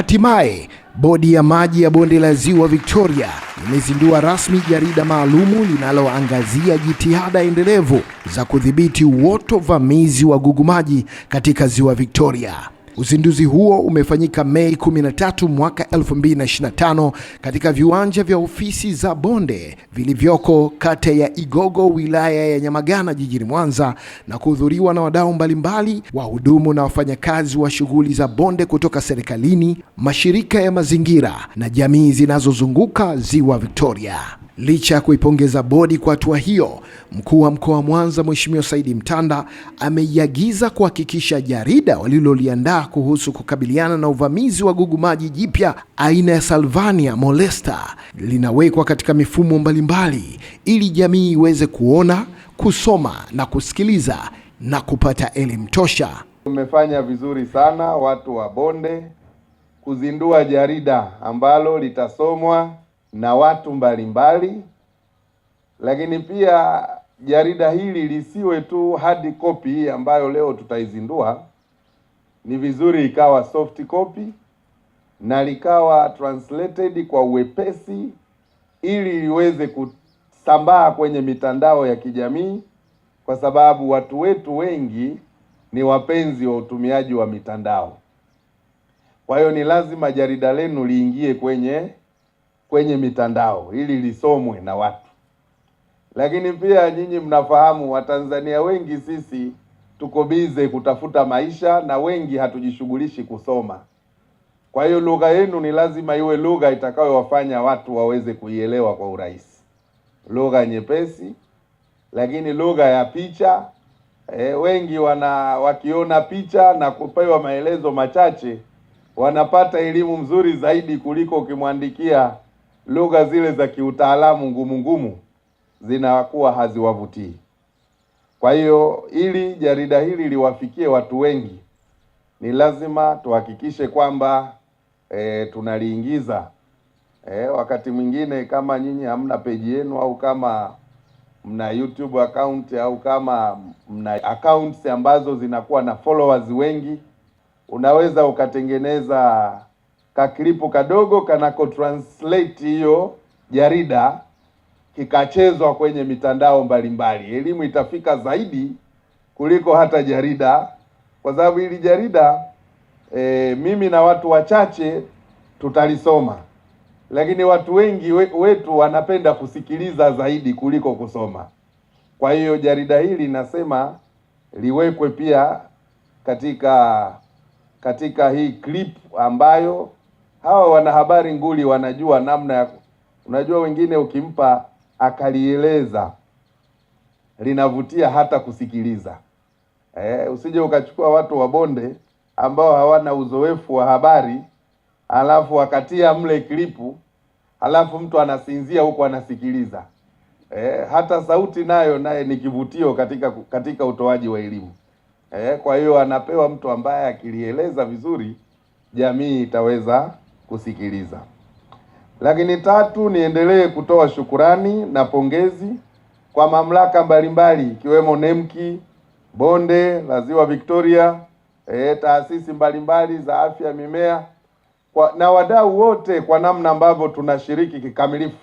Hatimaye bodi ya maji ya bonde la ziwa Victoria imezindua rasmi jarida maalumu linaloangazia jitihada endelevu za kudhibiti uoto vamizi wa gugu maji katika ziwa Victoria. Uzinduzi huo umefanyika Mei 13 mwaka 2025 katika viwanja vya ofisi za bonde vilivyoko kata ya Igogo wilaya ya Nyamagana jijini Mwanza na kuhudhuriwa na wadau mbalimbali, wahudumu na wafanyakazi wa shughuli za bonde kutoka serikalini, mashirika ya mazingira na jamii zinazozunguka Ziwa Victoria. Licha ya kuipongeza bodi kwa hatua hiyo, mkuu wa mkoa wa Mwanza Mheshimiwa Saidi Mtanda ameiagiza kuhakikisha jarida waliloliandaa kuhusu kukabiliana na uvamizi wa gugu maji jipya aina ya Salvania molesta linawekwa katika mifumo mbalimbali ili jamii iweze kuona, kusoma na kusikiliza na kupata elimu tosha. Tumefanya vizuri sana watu wa Bonde kuzindua jarida ambalo litasomwa na watu mbalimbali mbali. Lakini pia jarida hili lisiwe tu hard copy ambayo leo tutaizindua, ni vizuri ikawa soft copy na likawa translated kwa uwepesi ili liweze kusambaa kwenye mitandao ya kijamii, kwa sababu watu wetu wengi ni wapenzi wa utumiaji wa mitandao. Kwa hiyo ni lazima jarida lenu liingie kwenye kwenye mitandao ili lisomwe na watu. Lakini pia nyinyi mnafahamu Watanzania wengi sisi tuko bize kutafuta maisha na wengi hatujishughulishi kusoma. Kwa hiyo lugha yenu ni lazima iwe lugha itakayowafanya watu waweze kuielewa kwa urahisi, lugha nyepesi, lakini lugha ya picha. E, wengi wana wakiona picha na kupewa maelezo machache wanapata elimu mzuri zaidi kuliko ukimwandikia lugha zile za kiutaalamu ngumu ngumu zinakuwa haziwavutii. Kwa hiyo ili jarida hili liwafikie watu wengi, ni lazima tuhakikishe kwamba e, tunaliingiza e, wakati mwingine kama nyinyi hamna peji yenu au kama mna YouTube account au kama mna accounts ambazo zinakuwa na followers wengi, unaweza ukatengeneza kakilipu kadogo kanako translate hiyo jarida kikachezwa kwenye mitandao mbalimbali, elimu itafika zaidi kuliko hata jarida, kwa sababu hili jarida e, mimi na watu wachache tutalisoma, lakini watu wengi wetu wanapenda kusikiliza zaidi kuliko kusoma. Kwa hiyo jarida hili nasema liwekwe pia katika katika hii clip ambayo hawa wanahabari nguli wanajua namna ya, unajua wengine ukimpa akalieleza linavutia hata kusikiliza. Eh, usije ukachukua watu wa bonde ambao hawana uzoefu wa habari alafu wakatia mle klipu alafu mtu anasinzia huku anasikiliza. Eh, hata sauti nayo naye ni kivutio katika katika utoaji wa elimu. Eh, kwa hiyo anapewa mtu ambaye akilieleza vizuri jamii itaweza kusikiliza. Lakini tatu, niendelee kutoa shukurani na pongezi kwa mamlaka mbalimbali ikiwemo NEMKI, bonde la ziwa Victoria, e, taasisi mbalimbali za afya mimea kwa, na wadau wote kwa namna ambavyo tunashiriki kikamilifu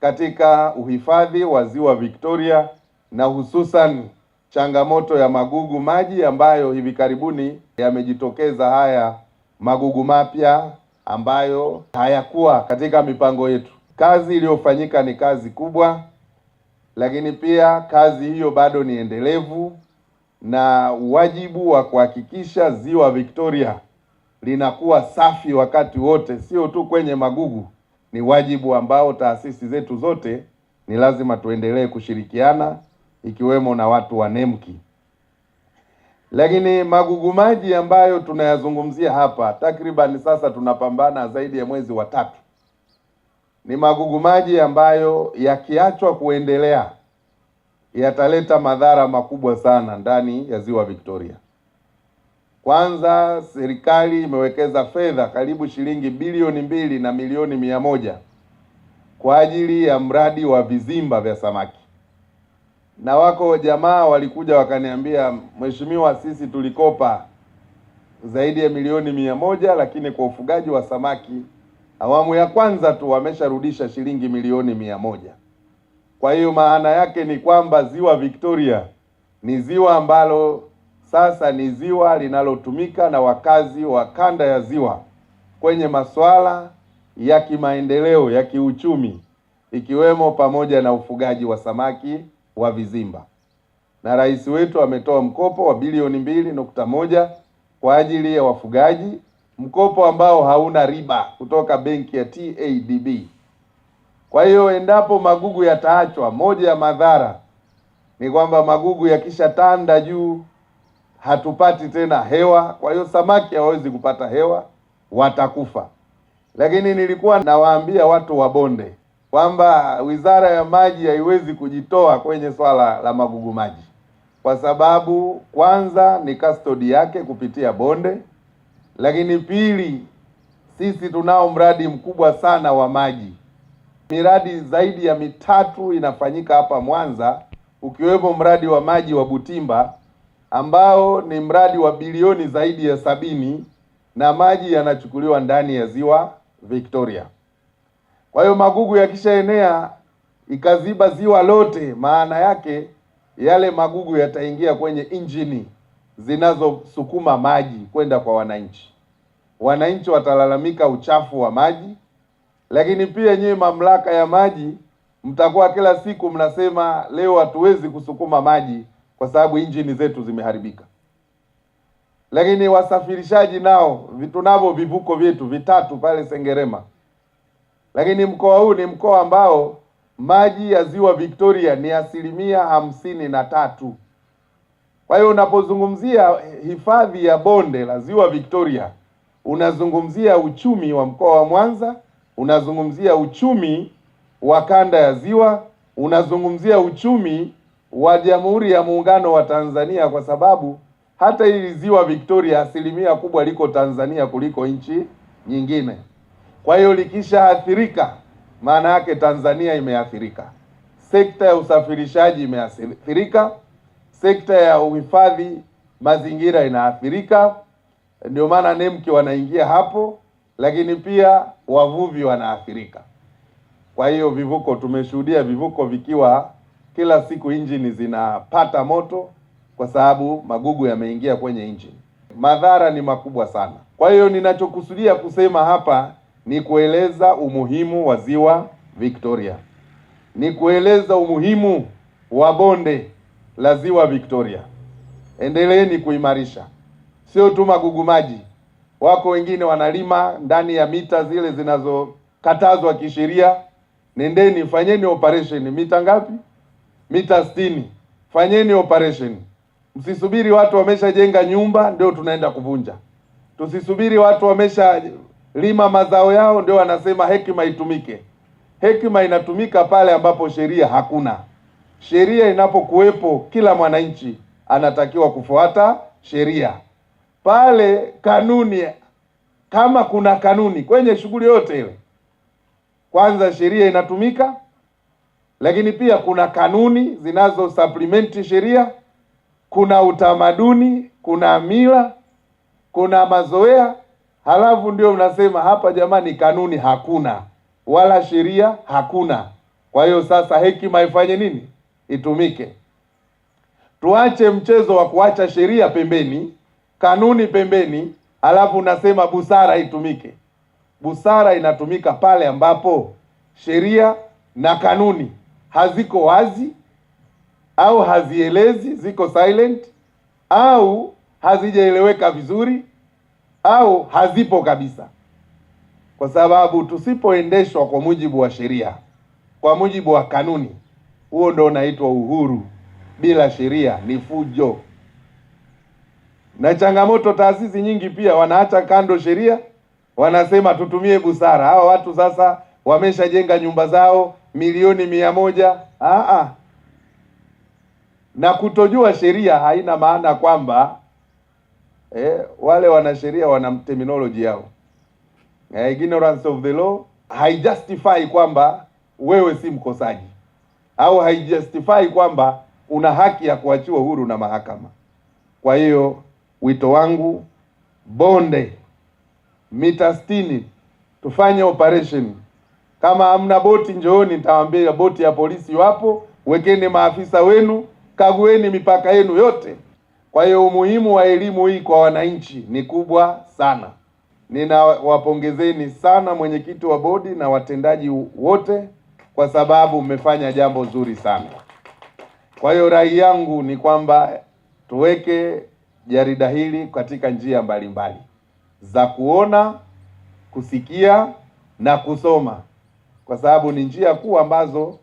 katika uhifadhi wa ziwa Victoria na hususan changamoto ya magugu maji ambayo hivi karibuni yamejitokeza haya magugu mapya ambayo hayakuwa katika mipango yetu. Kazi iliyofanyika ni kazi kubwa, lakini pia kazi hiyo bado ni endelevu, na wajibu wa kuhakikisha ziwa Victoria linakuwa safi wakati wote, sio tu kwenye magugu, ni wajibu ambao taasisi zetu zote ni lazima tuendelee kushirikiana, ikiwemo na watu wa NEMKI. Lakini magugu maji ambayo tunayazungumzia hapa, takriban sasa tunapambana zaidi ya mwezi wa tatu, ni magugu maji ambayo yakiachwa kuendelea yataleta madhara makubwa sana ndani ya ziwa Victoria. Kwanza, serikali imewekeza fedha karibu shilingi bilioni mbili na milioni mia moja kwa ajili ya mradi wa vizimba vya samaki na wako jamaa walikuja wakaniambia, mheshimiwa, sisi tulikopa zaidi ya milioni mia moja lakini kwa ufugaji wa samaki awamu ya kwanza tu wamesharudisha shilingi milioni mia moja. Kwa hiyo maana yake ni kwamba ziwa Victoria ni ziwa ambalo sasa ni ziwa linalotumika na wakazi wa kanda ya ziwa kwenye masuala ya kimaendeleo ya kiuchumi, ikiwemo pamoja na ufugaji wa samaki wa vizimba, na rais wetu ametoa mkopo wa bilioni mbili nukta moja kwa ajili ya wafugaji, mkopo ambao hauna riba kutoka benki ya TADB. Kwa hiyo endapo magugu yataachwa, moja ya madhara ni kwamba magugu yakishatanda juu hatupati tena hewa, kwa hiyo samaki hawawezi kupata hewa, watakufa. Lakini nilikuwa nawaambia watu wa bonde kwamba Wizara ya Maji haiwezi kujitoa kwenye swala la magugu maji kwa sababu kwanza ni kastodi yake kupitia bonde, lakini pili, sisi tunao mradi mkubwa sana wa maji, miradi zaidi ya mitatu inafanyika hapa Mwanza, ukiwemo mradi wa maji wa Butimba ambao ni mradi wa bilioni zaidi ya sabini, na maji yanachukuliwa ndani ya ziwa Victoria. Kwa hiyo magugu yakishaenea ikaziba ziwa lote, maana yake yale magugu yataingia kwenye injini zinazosukuma maji kwenda kwa wananchi. Wananchi watalalamika uchafu wa maji, lakini pia nyewe mamlaka ya maji mtakuwa kila siku mnasema leo hatuwezi kusukuma maji kwa sababu injini zetu zimeharibika. Lakini wasafirishaji nao tunavyo vivuko vyetu vitatu pale Sengerema. Lakini mkoa huu ni mkoa ambao maji ya ziwa Victoria ni asilimia hamsini na tatu. Kwa hiyo unapozungumzia hifadhi ya bonde la ziwa Victoria unazungumzia uchumi wa mkoa wa Mwanza, unazungumzia uchumi wa kanda ya ziwa, unazungumzia uchumi wa Jamhuri ya Muungano wa Tanzania, kwa sababu hata hili ziwa Victoria asilimia kubwa liko Tanzania kuliko nchi nyingine. Kwa hiyo likishaathirika, maana yake Tanzania imeathirika, sekta ya usafirishaji imeathirika, sekta ya uhifadhi mazingira inaathirika. Ndio maana nemki wanaingia hapo, lakini pia wavuvi wanaathirika. Kwa hiyo vivuko, tumeshuhudia vivuko vikiwa kila siku injini zinapata moto kwa sababu magugu yameingia kwenye injini. Madhara ni makubwa sana. Kwa hiyo ninachokusudia kusema hapa ni kueleza umuhimu wa ziwa Victoria, ni kueleza umuhimu wa bonde la ziwa Victoria. Endeleeni kuimarisha, sio tu magugu maji. Wako wengine wanalima ndani ya mita zile zinazokatazwa kisheria. Nendeni fanyeni operation. Mita ngapi? Mita sitini. Fanyeni operation. Msisubiri watu wameshajenga nyumba ndio tunaenda kuvunja. Tusisubiri watu wamesha lima mazao yao, ndio wanasema hekima itumike. Hekima inatumika pale ambapo sheria hakuna. Sheria inapokuwepo, kila mwananchi anatakiwa kufuata sheria. Pale kanuni, kama kuna kanuni kwenye shughuli yote ile, kwanza sheria inatumika, lakini pia kuna kanuni zinazo supplement sheria, kuna utamaduni, kuna mila, kuna mazoea halafu ndio mnasema hapa, jamani, kanuni hakuna wala sheria hakuna. Kwa hiyo sasa hekima ifanye nini? Itumike. Tuache mchezo wa kuacha sheria pembeni, kanuni pembeni, halafu unasema busara itumike. Busara inatumika pale ambapo sheria na kanuni haziko wazi au hazielezi, ziko silent au hazijaeleweka vizuri au hazipo kabisa, kwa sababu tusipoendeshwa kwa mujibu wa sheria, kwa mujibu wa kanuni, huo ndo unaitwa uhuru. Bila sheria ni fujo na changamoto. Taasisi nyingi pia wanaacha kando sheria, wanasema tutumie busara. Hawa watu sasa wameshajenga nyumba zao milioni mia moja. Aa, na kutojua sheria haina maana kwamba eh, wale wanasheria wana terminology yao eh, ignorance of the law haijustify kwamba wewe si mkosaji au haijustify kwamba una haki ya kuachiwa huru na mahakama. Kwa hiyo wito wangu bonde mita sitini tufanye operation. Kama hamna boti, njooni, nitawaambia boti ya polisi wapo. Wekeni maafisa wenu, kagueni mipaka yenu yote. Kwa hiyo umuhimu wa elimu hii kwa wananchi ni kubwa sana. Ninawapongezeni sana mwenyekiti wa bodi na watendaji wote kwa sababu mmefanya jambo zuri sana. Kwa hiyo rai yangu ni kwamba tuweke jarida hili katika njia mbalimbali mbali za kuona, kusikia na kusoma, kwa sababu ni njia kuu ambazo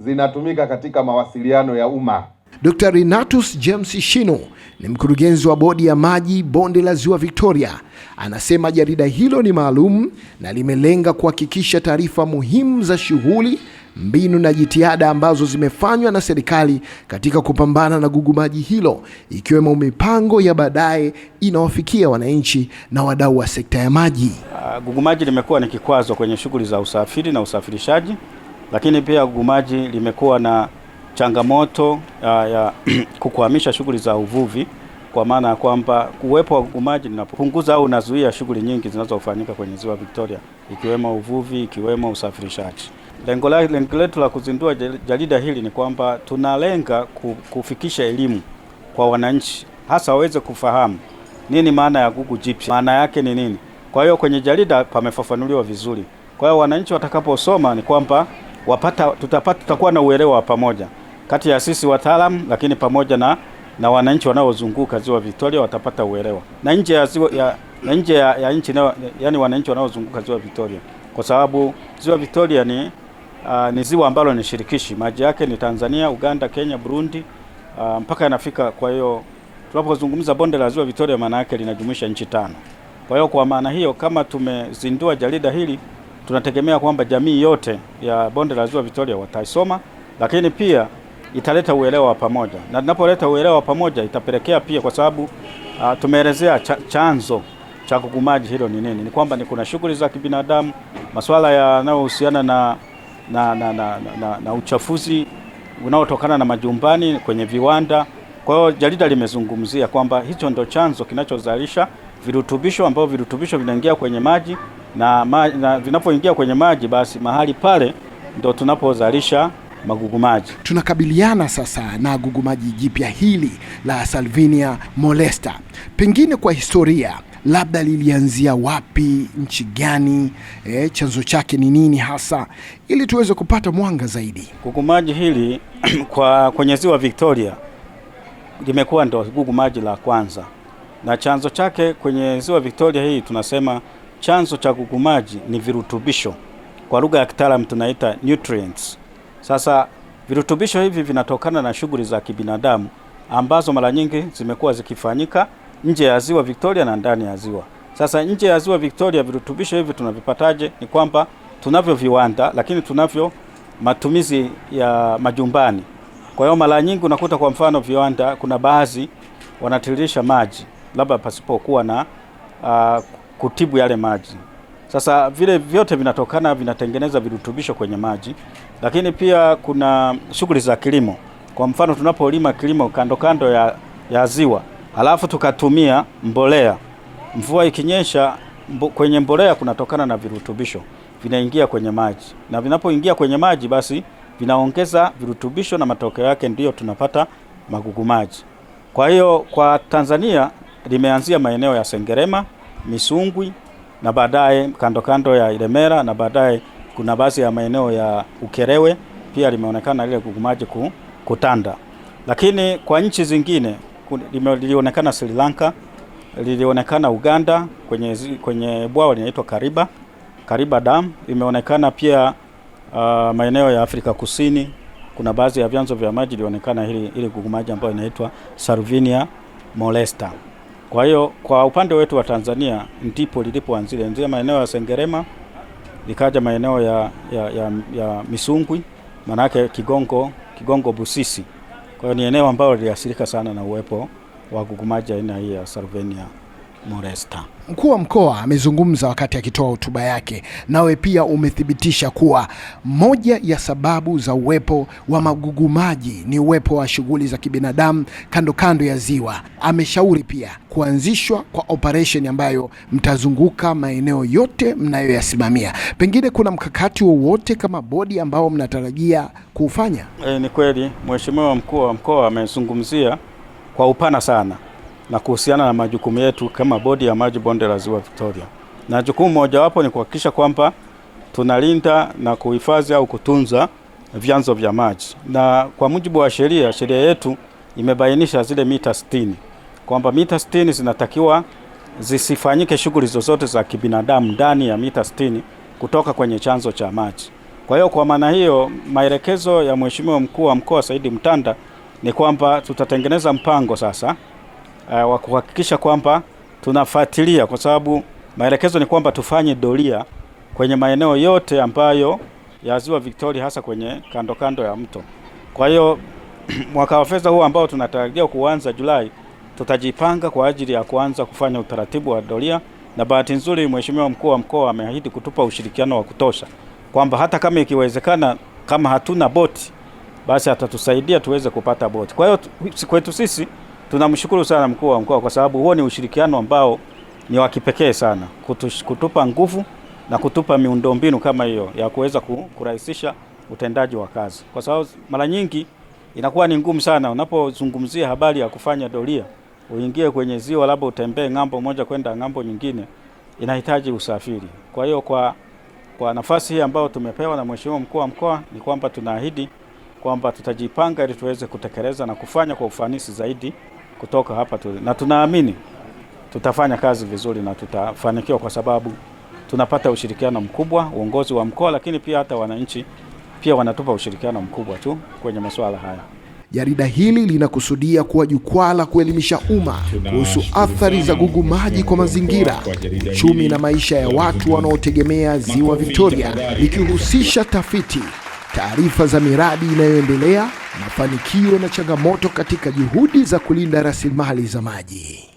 zinatumika katika mawasiliano ya umma. Dr. Renatus James Shino ni mkurugenzi wa bodi ya maji bonde la Ziwa Victoria, anasema jarida hilo ni maalum na limelenga kuhakikisha taarifa muhimu za shughuli, mbinu na jitihada ambazo zimefanywa na serikali katika kupambana na gugumaji hilo, ikiwemo mipango ya baadaye inawafikia wananchi na wadau wa sekta ya maji. Uh, ah, maji limekuwa ni kikwazo kwenye shughuli za usafiri na usafirishaji, lakini pia gugumaji limekuwa na changamoto ya kukwamisha shughuli za uvuvi, kwa maana ya kwamba uwepo wa gugumaji unapunguza au unazuia shughuli nyingi zinazofanyika kwenye ziwa Victoria, ikiwemo uvuvi, ikiwemo usafirishaji. Lengo letu la kuzindua jarida hili ni kwamba tunalenga kufikisha elimu kwa wananchi, hasa waweze kufahamu nini maana ya gugu jipya, maana yake ni nini. Kwa hiyo kwenye jarida pamefafanuliwa vizuri. Kwa hiyo wananchi watakaposoma ni kwamba wapata tutapata tutakuwa na uelewa wa pamoja kati ya sisi wataalamu, lakini pamoja na, na wananchi wanaozunguka ziwa Victoria watapata uelewa na nje ya ziwa ya, na nje ya, ya nchi na, yani wananchi wanaozunguka ziwa Victoria, kwa sababu ziwa Victoria ni, uh, ni ziwa ambalo ni shirikishi. Maji yake ni Tanzania, Uganda, Kenya, Burundi uh, mpaka yanafika. Kwa hiyo tunapozungumza bonde la ziwa Victoria, maana yake linajumuisha nchi tano. Kwa hiyo kwa maana hiyo, kama tumezindua jarida hili, tunategemea kwamba jamii yote ya bonde la ziwa Victoria wataisoma, lakini pia italeta uelewa wa pamoja, na tunapoleta uelewa wa pamoja itapelekea pia, kwa sababu uh, tumeelezea cha, chanzo cha kugumaji hilo ni nini. Ni kwamba ni kuna shughuli za kibinadamu, masuala yanayohusiana na, na, na, na, na, na uchafuzi unaotokana na majumbani, kwenye viwanda. Kwa hiyo jarida limezungumzia kwamba hicho ndo chanzo kinachozalisha virutubisho ambavyo virutubisho vinaingia kwenye maji na, na vinapoingia kwenye maji basi mahali pale ndo tunapozalisha magugumaji. Tunakabiliana sasa na gugumaji jipya hili la Salvinia molesta. Pengine kwa historia labda lilianzia wapi, nchi gani, e, chanzo chake ni nini hasa, ili tuweze kupata mwanga zaidi. Gugumaji hili kwa kwenye ziwa Victoria limekuwa ndo gugumaji la kwanza, na chanzo chake kwenye ziwa Victoria hii tunasema chanzo cha gugumaji ni virutubisho, kwa lugha ya kitaalamu tunaita nutrients sasa virutubisho hivi vinatokana na shughuli za kibinadamu ambazo mara nyingi zimekuwa zikifanyika nje ya ziwa Victoria na ndani ya ziwa. Sasa nje ya ziwa Victoria virutubisho hivi tunavipataje? Ni kwamba tunavyo viwanda, lakini tunavyo matumizi ya majumbani. Kwa hiyo mara nyingi unakuta kwa mfano viwanda, kuna baadhi wanatiririsha maji labda pasipokuwa na uh, kutibu yale maji. Sasa vile vyote vinatokana vinatengeneza virutubisho kwenye maji, lakini pia kuna shughuli za kilimo. Kwa mfano tunapolima kilimo kando kando ya, ya ziwa halafu tukatumia mbolea, mvua ikinyesha mbo, kwenye mbolea kunatokana na virutubisho vinaingia kwenye maji, na vinapoingia kwenye maji basi vinaongeza virutubisho na matokeo yake ndiyo tunapata magugu maji. Kwa hiyo kwa Tanzania limeanzia maeneo ya Sengerema, Misungwi na baadaye kando kando ya ilemera na baadaye kuna baadhi ya maeneo ya Ukerewe pia limeonekana lile gugumaji kutanda, lakini kwa nchi zingine lilionekana Sri Lanka, lilionekana Uganda kwenye, kwenye bwawa linaitwa Kariba Kariba Dam, imeonekana pia uh, maeneo ya Afrika Kusini kuna baadhi ya vyanzo vya maji ilionekana hili, hili gugumaji ambayo inaitwa Salvinia molesta. Kwa hiyo kwa upande wetu wa Tanzania ndipo lilipoanzia, nzia maeneo ya Sengerema likaja maeneo ya, ya, ya, ya Misungwi, manake Kigongo, Kigongo Busisi. Kwa hiyo ni eneo ambalo liliathirika sana na uwepo wa gugumaji aina hii ya Salvinia molesta. Mkuu wa mkoa amezungumza wakati akitoa ya hotuba yake, nawe pia umethibitisha kuwa moja ya sababu za uwepo wa magugu maji ni uwepo wa shughuli za kibinadamu kando kando ya ziwa. Ameshauri pia kuanzishwa kwa operesheni ambayo mtazunguka maeneo yote mnayoyasimamia. Pengine kuna mkakati wowote kama bodi ambao mnatarajia kuufanya? E, ni kweli Mheshimiwa mkuu wa mkoa amezungumzia kwa upana sana na kuhusiana na majukumu yetu kama bodi ya maji bonde la ziwa Victoria, na jukumu mojawapo ni kuhakikisha kwamba tunalinda na kuhifadhi au kutunza vyanzo vya maji, na kwa mujibu wa sheria, sheria yetu imebainisha zile mita 60 kwamba mita 60 zinatakiwa zisifanyike shughuli zozote za kibinadamu ndani ya mita 60 kutoka kwenye chanzo cha maji. Kwa hiyo kwa maana hiyo, maelekezo ya Mheshimiwa Mkuu wa Mkoa Saidi Mtanda ni kwamba tutatengeneza mpango sasa uh, wa kuhakikisha kwamba tunafuatilia, kwa sababu maelekezo ni kwamba tufanye doria kwenye maeneo yote ambayo ya ziwa Victoria, hasa kwenye kando kando ya mto. Kwa hiyo mwaka wa fedha huu ambao tunatarajia kuanza Julai, tutajipanga kwa ajili ya kuanza kufanya utaratibu wa doria, na bahati nzuri Mheshimiwa mkuu wa mkoa ameahidi kutupa ushirikiano wa kutosha kwamba hata kama ikiwezekana, kama hatuna boti basi atatusaidia tuweze kupata boti. Kwa hiyo kwetu sisi Tunamshukuru sana mkuu wa mkoa kwa sababu huo ni ushirikiano ambao ni wa kipekee sana, kutush, kutupa nguvu na kutupa miundombinu kama hiyo ya kuweza kurahisisha utendaji wa kazi, kwa sababu mara nyingi inakuwa ni ngumu sana unapozungumzia habari ya kufanya doria, uingie kwenye ziwa, labda utembee ng'ambo moja kwenda ng'ambo nyingine, inahitaji usafiri. Kwa hiyo kwa, kwa nafasi hii ambayo tumepewa na mheshimiwa mkuu wa mkoa ni kwamba tunaahidi kwamba tutajipanga ili tuweze kutekeleza na kufanya kwa ufanisi zaidi kutoka hapa tu, na tunaamini tutafanya kazi vizuri na tutafanikiwa kwa sababu tunapata ushirikiano mkubwa uongozi wa mkoa, lakini pia hata wananchi pia wanatupa ushirikiano mkubwa tu kwenye masuala haya. Jarida hili linakusudia kuwa jukwaa la kuelimisha umma kuhusu athari za gugu maji kwa mazingira, uchumi na maisha ya watu wanaotegemea Ziwa Victoria, likihusisha tafiti, taarifa za miradi inayoendelea mafanikio na changamoto katika juhudi za kulinda rasilimali za maji.